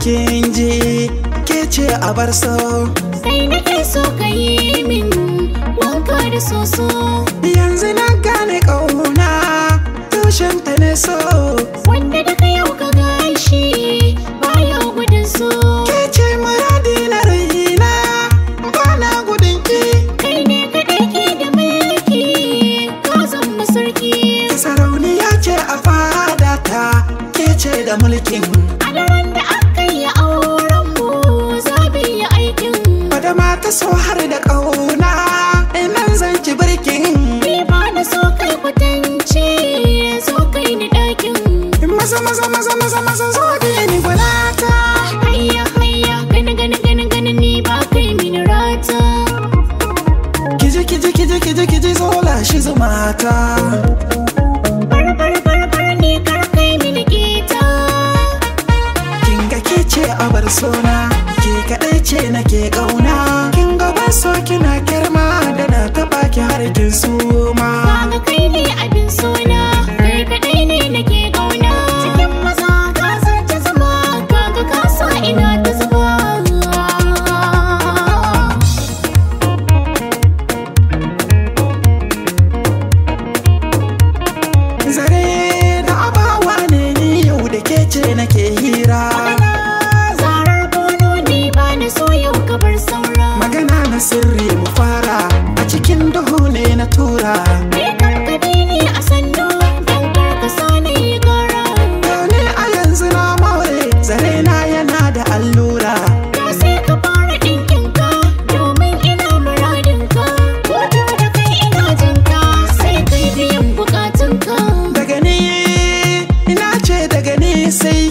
kin ji ke ce a bar sau sai nake so ka yi min wanka da soso yanzu na gane kauna tushen ta ne so wanda daga yau ka gashi baya gudun so ke ce muradi na raina ba na gudun ki kai ne ka ke da mulki ka zama sarki sarauniya ce a fadata ke ce da mulkin maza zo zumata kinga ke a abar sona ce nake ƙauna. kinga ba so kina kirma